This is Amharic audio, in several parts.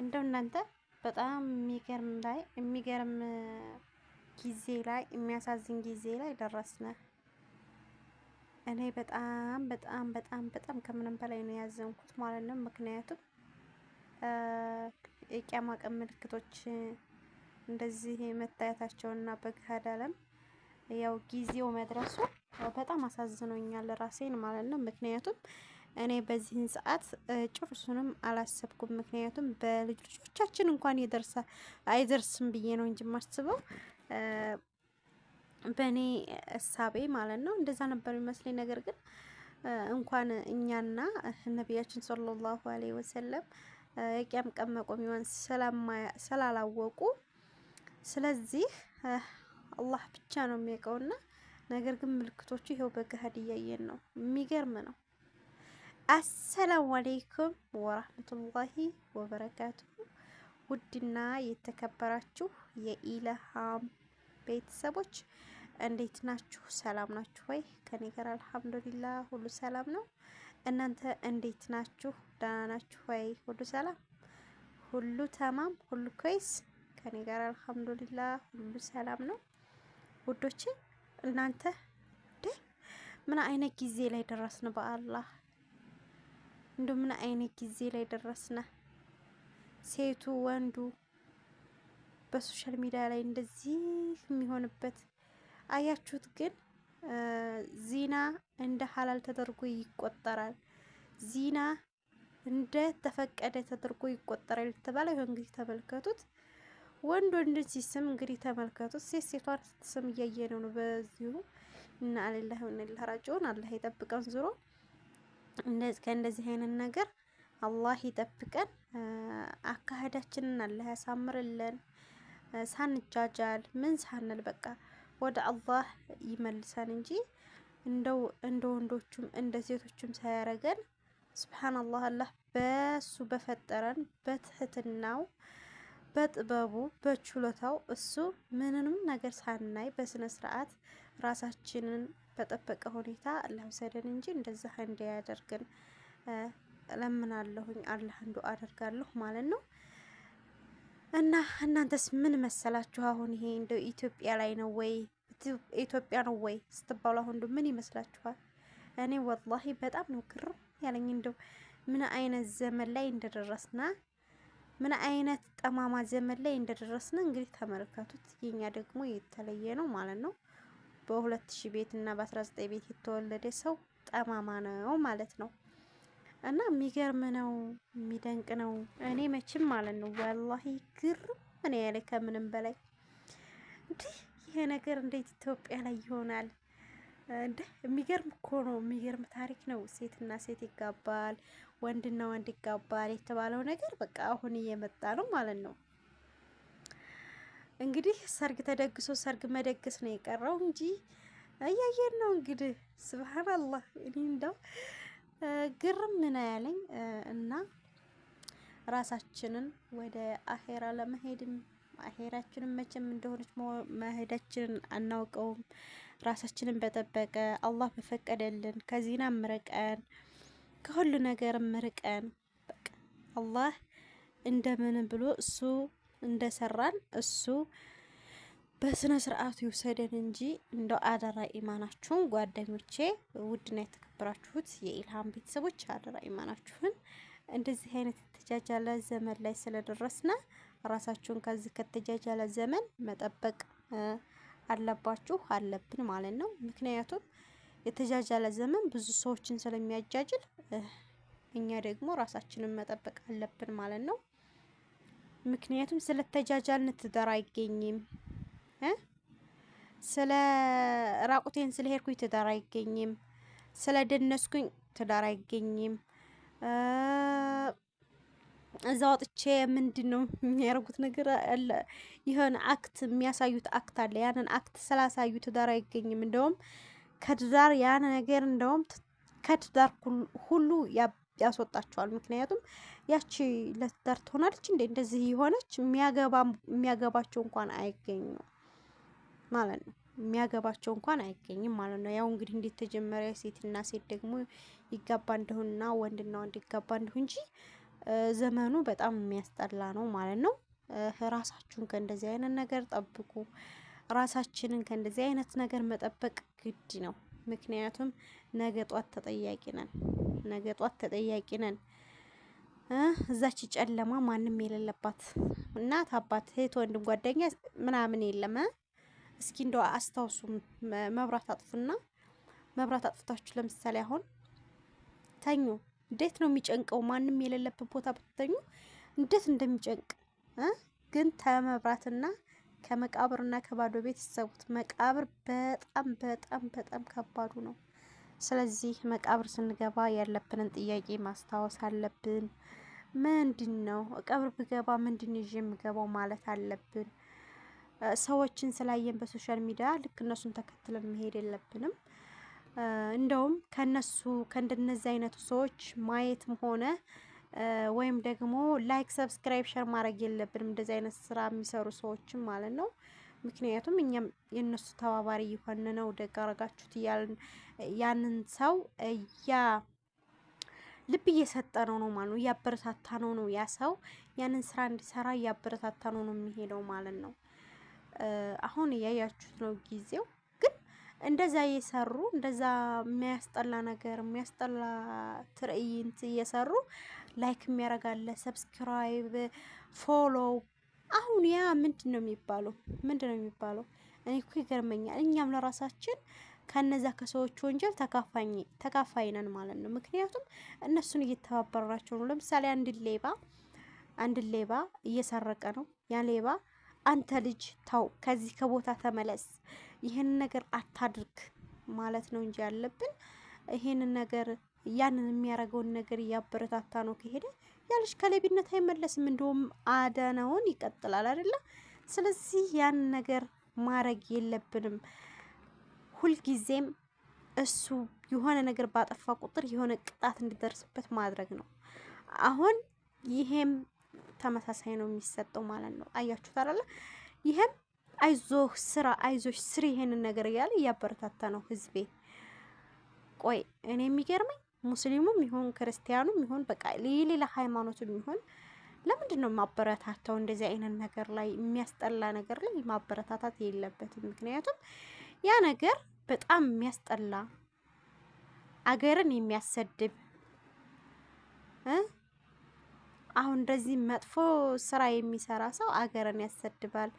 እንደው እናንተ በጣም የሚገርም ላይ የሚገርም ጊዜ ላይ የሚያሳዝን ጊዜ ላይ ደረስነ። እኔ በጣም በጣም በጣም በጣም ከምንም በላይ ነው ያዘንኩት ማለት ነው። ምክንያቱም የቂያማ ቀን ምልክቶች እንደዚህ መታየታቸውና በገሃድ ዓለም ያው ጊዜው መድረሱ በጣም አሳዝኖኛል ራሴን ማለት ነው። ምክንያቱም እኔ በዚህን ሰዓት ጭርሱንም አላሰብኩም። ምክንያቱም በልጅ ልጆቻችን እንኳን የደርሳ አይደርስም ብዬ ነው እንጂ ማስበው በእኔ እሳቤ ማለት ነው። እንደዛ ነበር የሚመስለኝ። ነገር ግን እንኳን እኛና ነቢያችን ሰለላሁ አለይሂ ወሰለም የቅያም ቀን መቆሚያውን ስላላወቁ ስለዚህ አላህ ብቻ ነው የሚያውቀውና ነገር ግን ምልክቶቹ ይኸው በገሀድ እያየን ነው። የሚገርም ነው። አሰላሙ አሌይኩም ወራህመቱላሂ ወበረካቱሁ። ውድና የተከበራችሁ የኢለሃም ቤተሰቦች እንዴት ናችሁ? ሰላም ናችሁ ወይ? ከኔ ጋር አልሐምዱሊላ ሁሉ ሰላም ነው። እናንተ እንዴት ናችሁ? ደህና ናችሁ ወይ? ሁሉ ሰላም፣ ሁሉ ተማም፣ ሁሉ ኮይስ። ከኔ ጋር አልሐምዱሊላ ሁሉ ሰላም ነው። ውዶቼ እናንተ ምን አይነት ጊዜ ላይ ደረስን? በአላህ እንደው ምን አይነት ጊዜ ላይ ደረስና ሴቱ ወንዱ በሶሻል ሚዲያ ላይ እንደዚህ የሚሆንበት አያችሁት። ግን ዚና እንደ ሀላል ተደርጎ ይቆጠራል። ዚና እንደ ተፈቀደ ተደርጎ ይቆጠራል የተባለ ይሆን እንግዲህ ተመልከቱት። ወንድ ወንድን ሲስም እንግዲህ ተመልከቱት። ሴት ሴቷን ስትስም እያየ ነው በዚሁ እና አለላህ ሆነ አላህ ይጠብቀን ዙሮ ከእንደዚህ አይነት ነገር አላህ ይጠብቀን። አካሄዳችንን አላህ ያሳምርልን። ሳንጃጃል ምን ሳንል በቃ ወደ አላህ ይመልሰን እንጂ እንደው እንደ ወንዶቹም እንደ ሴቶቹም ሳያረገን ስብሓን አላህ አላህ በሱ በፈጠረን በትህትናው በጥበቡ በችሎታው እሱ ምንንም ነገር ሳናይ በስነ ስርዓት ራሳችንን በጠበቀ ሁኔታ ለውሰደን እንጂ እንደዛ እንዲያደርግን ለምናለሁኝ አላህ እንዱ አደርጋለሁ ማለት ነው። እና እናንተስ ምን መሰላችሁ? አሁን ይሄ እንደ ኢትዮጵያ ላይ ነው ወይ ኢትዮጵያ ነው ወይ ስትባሉ አሁን እንደ ምን ይመስላችኋል? እኔ ወላሂ በጣም ነው ግርም ያለኝ እንደው ምን አይነት ዘመን ላይ እንደደረስና ምን አይነት ጠማማ ዘመን ላይ እንደደረስን እንግዲህ ተመልከቱት። የኛ ደግሞ የተለየ ነው ማለት ነው። በ ሺህ ቤት እና በ19 ቤት የተወለደ ሰው ጠማማ ነው ማለት ነው። እና የሚገርም ነው፣ የሚደንቅ ነው። እኔ መቼም ማለት ነው ወላሂ ግርም ምን ያለ ከምንም በላይ እንዲህ ይሄ ነገር እንዴት ኢትዮጵያ ላይ ይሆናል? እንደ የሚገርም እኮ ነው። የሚገርም ታሪክ ነው። ሴትና ሴት ይጋባል። ወንድና ወንድ ይጋባል የተባለው ነገር በቃ አሁን እየመጣ ነው ማለት ነው። እንግዲህ ሰርግ ተደግሶ ሰርግ መደግስ ነው የቀረው እንጂ እያየን ነው እንግዲህ። ስብሃናላህ እኔ እንደው ግርም ምን ያለኝ እና ራሳችንን ወደ አሄራ ለመሄድም አሄራችንን መቼም እንደሆነች መሄዳችንን አናውቀውም። ራሳችንን በጠበቀ አላህ በፈቀደልን ከዚህና ምረቀን ከሁሉ ነገርም ርቀን በቃ አላህ እንደምን ብሎ እሱ እንደሰራን እሱ በስነ ስርዓቱ ይውሰደን እንጂ እንደ አደራ ኢማናችሁን ጓደኞቼ፣ ውድና የተከበራችሁት የኢልሃም ቤተሰቦች አደራ ኢማናችሁን እንደዚህ አይነት የተጃጃለ ዘመን ላይ ስለደረስና ራሳችሁን ከዚህ ከተጃጃለ ዘመን መጠበቅ አለባችሁ አለብን ማለት ነው። ምክንያቱም የተጃጃለ ዘመን ብዙ ሰዎችን ስለሚያጃጅል እኛ ደግሞ ራሳችንን መጠበቅ አለብን ማለት ነው። ምክንያቱም ስለ ተጃጃልን ትዳር አይገኝም። ስለ ራቁቴን ስለ ሄድኩኝ ትዳር አይገኝም። ስለ ደነስኩኝ ትዳር አይገኝም። እዛ ወጥቼ ምንድን ነው የሚያደርጉት ነገር አለ። ይህን አክት የሚያሳዩት አክት አለ። ያንን አክት ስላሳዩ ትዳር አይገኝም። እንደውም ከትዳር ያን ነገር እንደውም ከትዳር ሁሉ ያስወጣቸዋል። ምክንያቱም ያቺ ለትዳር ትሆናለች እንዴ እንደዚህ የሆነች የሚያገባቸው እንኳን አይገኙም ማለት ነው። የሚያገባቸው እንኳን አይገኝም ማለት ነው። ያው እንግዲህ እንዴት ተጀመረ? ሴትና ሴት ደግሞ ይጋባ እንደሆንና ወንድና ወንድ ይጋባ እንደሆን እንጂ ዘመኑ በጣም የሚያስጠላ ነው ማለት ነው። ራሳችሁን ከእንደዚህ አይነት ነገር ጠብቁ። ራሳችንን ከእንደዚህ አይነት ነገር መጠበቅ ግድ ነው። ምክንያቱም ነገ ጧት ተጠያቂ ነን፣ ነገ ጧት ተጠያቂ ነን። እዛች ጨለማ ማንም የሌለባት እናት፣ አባት፣ እህት፣ ወንድም፣ ጓደኛ ምናምን የለም። እስኪ እንደው አስታውሱ፣ መብራት አጥፉና መብራት አጥፍታችሁ ለምሳሌ አሁን ተኙ። እንዴት ነው የሚጨንቀው? ማንም የሌለበት ቦታ ብትተኙ እንዴት እንደሚጨንቅ ግን ተመብራትና ከመቃብርና ከባዶ ቤት ይሰውት። መቃብር በጣም በጣም በጣም ከባዱ ነው። ስለዚህ መቃብር ስንገባ ያለብንን ጥያቄ ማስታወስ አለብን። ምንድን ነው ቀብር ብገባ ምንድን ይዤ የምገባው ማለት አለብን። ሰዎችን ስላየን በሶሻል ሚዲያ ልክ እነሱን ተከትለን መሄድ የለብንም። እንደውም ከነሱ ከእንደነዚህ አይነቱ ሰዎች ማየትም ሆነ ወይም ደግሞ ላይክ፣ ሰብስክራይብ፣ ሸር ማድረግ የለብንም እንደዚህ አይነት ስራ የሚሰሩ ሰዎችም ማለት ነው። ምክንያቱም እኛም የእነሱ ተባባሪ የሆነ ነው ደግ አረጋችሁት እያልን ያንን ሰው እያ ልብ እየሰጠ ነው ነው ማለት ነው። እያበረታታ ነው ነው ያ ሰው ያንን ስራ እንዲሰራ እያበረታታ ነው ነው የሚሄደው ማለት ነው። አሁን እያያችሁት ነው ጊዜው እንደዛ እየሰሩ እንደዛ የሚያስጠላ ነገር የሚያስጠላ ትርኢንት እየሰሩ ላይክ የሚያረጋለ ሰብስክራይብ፣ ፎሎው አሁን ያ ምንድን ነው የሚባለው? ምንድን ነው የሚባለው? እኔ እኮ ይገርመኛል። እኛም ለራሳችን ከነዛ ከሰዎች ወንጀል ተካፋይ ነን ማለት ነው። ምክንያቱም እነሱን እየተባበርናቸው ነው። ለምሳሌ አንድ ሌባ አንድ ሌባ እየሰረቀ ነው። ያ ሌባ አንተ ልጅ ተው፣ ከዚህ ከቦታ ተመለስ ይህን ነገር አታድርግ ማለት ነው እንጂ ያለብን ይሄንን ነገር ያንን የሚያደርገውን ነገር እያበረታታ ነው ከሄደ ያልሽ ከሌብነት አይመለስም፣ እንደውም አደነውን ይቀጥላል አይደለ? ስለዚህ ያን ነገር ማድረግ የለብንም። ሁልጊዜም እሱ የሆነ ነገር ባጠፋ ቁጥር የሆነ ቅጣት እንዲደርስበት ማድረግ ነው። አሁን ይሄም ተመሳሳይ ነው የሚሰጠው ማለት ነው። አያችሁት አይደለ? ይሄም አይዞህ ስራ፣ አይዞሽ ስሪ ይሄንን ነገር እያለ እያበረታታ ነው ህዝቤ። ቆይ እኔ የሚገርመኝ ሙስሊሙም ይሁን ክርስቲያኑም ይሁን በቃ የሌላ ሃይማኖትም ይሁን ለምንድን ነው ማበረታታው? እንደዚህ አይነት ነገር ላይ የሚያስጠላ ነገር ላይ ማበረታታት የለበትም። ምክንያቱም ያ ነገር በጣም የሚያስጠላ አገርን የሚያሰድብ አሁን እንደዚህ መጥፎ ስራ የሚሰራ ሰው አገርን ያሰድባል።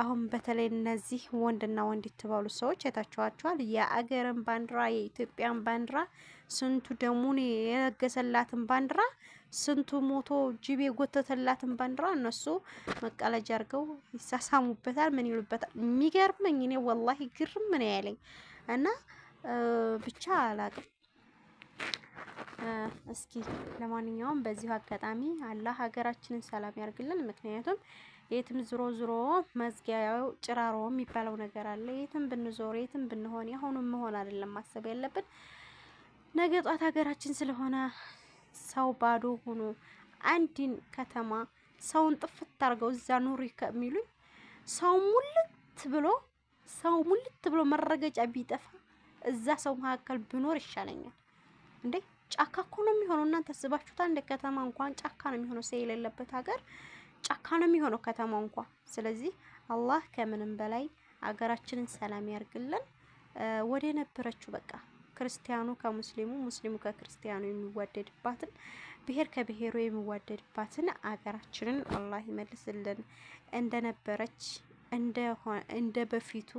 አሁን በተለይ እነዚህ ወንድና ወንድ የተባሉ ሰዎች አይታችኋቸዋል። የአገርን ባንዲራ የኢትዮጵያን ባንዲራ ስንቱ ደሙን የለገሰላትን ባንዲራ ስንቱ ሞቶ ጅብ የጎተተላትን ባንዲራ እነሱ መቀለጃ አድርገው ይሳሳሙበታል። ምን ይሉበታል? የሚገርመኝ እኔ ወላሂ ግርም ምን ያለኝ እና ብቻ አላቅም። እስኪ ለማንኛውም በዚሁ አጋጣሚ አላህ ሀገራችንን ሰላም ያርግልን። ምክንያቱም የትም ዝሮ ዝሮ መዝጊያው ጭራሮ የሚባለው ነገር አለ። የትም ብንዞር የትም ብንሆን የአሁኑም መሆን አይደለም ማሰብ ያለብን ነገ ጧት ሀገራችን ስለሆነ ሰው ባዶ ሆኖ አንድን ከተማ ሰውን ጥፍት አድርገው እዛ ኑሪ ከሚሉኝ ሰው ሙልት ብሎ ሰው ሙልት ብሎ መረገጫ ቢጠፋ እዛ ሰው መካከል ብኖር ይሻለኛል። እንዴ ጫካ እኮ ነው የሚሆነው። እናንተ አስባችሁታል? እንደ ከተማ እንኳን ጫካ ነው የሚሆነው ሰው የሌለበት ሀገር ጫካ ነው የሚሆነው ከተማው እንኳ። ስለዚህ አላህ ከምንም በላይ አገራችንን ሰላም ያርግልን ወደ ነበረችው በቃ ክርስቲያኑ ከሙስሊሙ ሙስሊሙ ከክርስቲያኑ የሚዋደድባትን ብሄር ከብሄሩ የሚዋደድባትን አገራችንን አላህ ይመልስልን እንደነበረች እንደ በፊቱ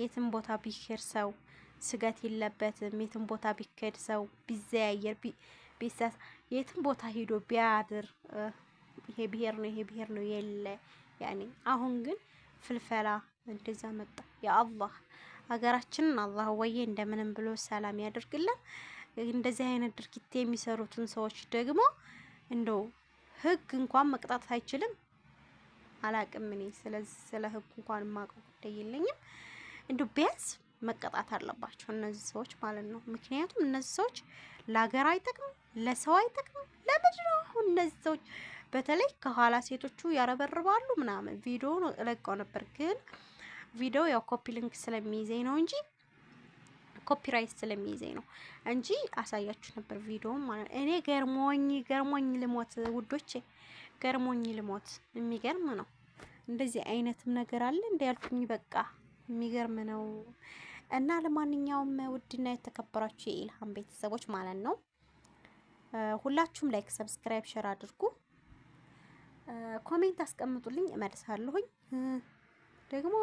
የትም ቦታ ቢሄድ ሰው ስጋት የለበትም። የትም ቦታ ቢከድ ሰው ቢዘያየር ቢሳስ የትም ቦታ ሄዶ ቢያድር ይሄ ብሄር ነው ይሄ ብሄር ነው የለ ያኔ። አሁን ግን ፍልፈላ እንደዛ መጣ። የአላህ ሀገራችንን አላህ ወዬ እንደምንም ብሎ ሰላም ያደርግልን። እንደዚህ አይነት ድርጊት የሚሰሩትን ሰዎች ደግሞ እንደው ህግ እንኳን መቅጣት አይችልም። አላቅም እኔ ስለዚህ ስለ ህግ እንኳን ማቀው ጉዳይ የለኝም። እንደው ቢያንስ መቀጣት አለባቸው እነዚህ ሰዎች ማለት ነው። ምክንያቱም እነዚህ ሰዎች ለሀገር አይጠቅም፣ ለሰው አይጠቅም። ለምንድን ነው አሁን እነዚህ ሰዎች በተለይ ከኋላ ሴቶቹ ያረበርባሉ ምናምን ቪዲዮ ለቀው ነበር፣ ግን ቪዲዮ ያው ኮፒ ሊንክ ስለሚይዘኝ ነው እንጂ ኮፒራይት ስለሚይዘኝ ነው እንጂ አሳያችሁ ነበር ቪዲዮ ማለት እኔ ገርሞኝ ገርሞኝ ልሞት ውዶቼ፣ ገርሞኝ ልሞት። የሚገርም ነው። እንደዚህ አይነትም ነገር አለ እንደ ያልኩኝ በቃ የሚገርም ነው። እና ለማንኛውም ውድና የተከበራችሁ የኢልሃም ቤተሰቦች ማለት ነው ሁላችሁም ላይክ፣ ሰብስክራይብ፣ ሸር አድርጉ። ኮሜንት አስቀምጡልኝ እመልሳለሁኝ። ደግሞ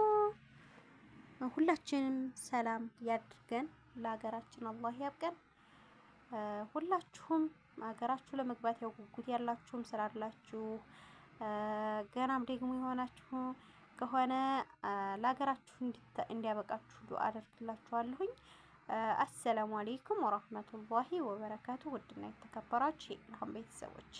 ሁላችንም ሰላም ያድርገን፣ ለሀገራችን አላህ ያብቀን። ሁላችሁም ሀገራችሁ ለመግባት ያው ጉጉት ያላችሁም ስላላችሁ ገናም ደግሞ የሆናችሁ ከሆነ ለሀገራችሁ እንዲያበቃችሁ ዱአ አደርግላችኋለሁኝ። አሰላሙ አሌይኩም ወራህመቱላሂ ወበረካቱ። ውድና የተከበራችሁ የኢልሃም ቤተሰቦች